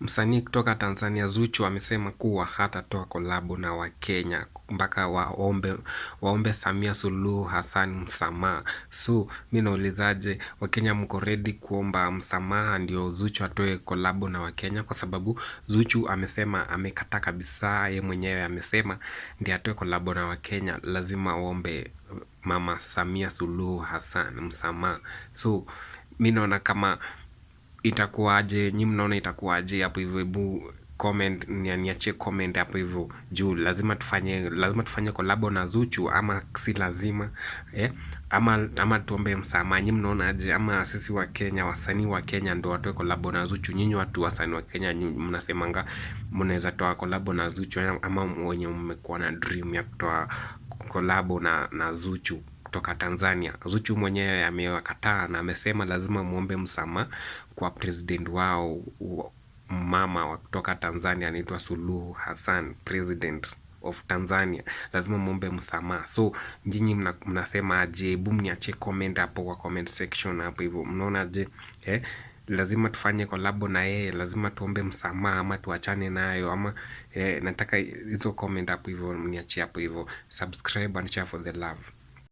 Msanii kutoka Tanzania Zuchu amesema kuwa hatatoa kolabo na Wakenya mpaka waombe, waombe Samia Suluhu Hassan msamaha. So mi naulizaje, Wakenya mko ready kuomba msamaha ndio Zuchu atoe kolabo na Wakenya? Kwa sababu Zuchu amesema amekataa kabisa, ye mwenyewe amesema ndio atoe kolabo na Wakenya lazima waombe Mama Samia Suluhu Hassan msamaha. So mi naona kama itakuwaje, nyi mnaona itakuwaje hapo hivyo? Hebu comment, niachie comment hapo hivyo juu. Lazima tufanye, lazima tufanye kolabo na Zuchu ama si lazima eh? Ama, ama tuombe msamaha. Nyi mnaonaje? Ama sisi wa Kenya, wasanii wa Kenya ndio watoe collab na Zuchu? Nyinyi watu wasanii wa Kenya mnasemanga mnaweza toa collab na Zuchu, ama wenye mmekuwa na dream ya kutoa collab na, na Zuchu kutoka Tanzania. Zuchu mwenyewe amewakataa na amesema lazima muombe msamaha kwa president wao mama wa kutoka Tanzania anaitwa Suluhu Hassan, president of Tanzania, lazima muombe msamaha. So nyinyi mna, mnasema aje? Hebu mniachie comment hapo kwa comment section hapo hivyo, mnaona je eh? Lazima tufanye kolabo na yeye, lazima tuombe msamaha ama tuachane nayo ama eh, nataka hizo comment hapo hivyo mniachie hapo hivyo. Subscribe and share for the love.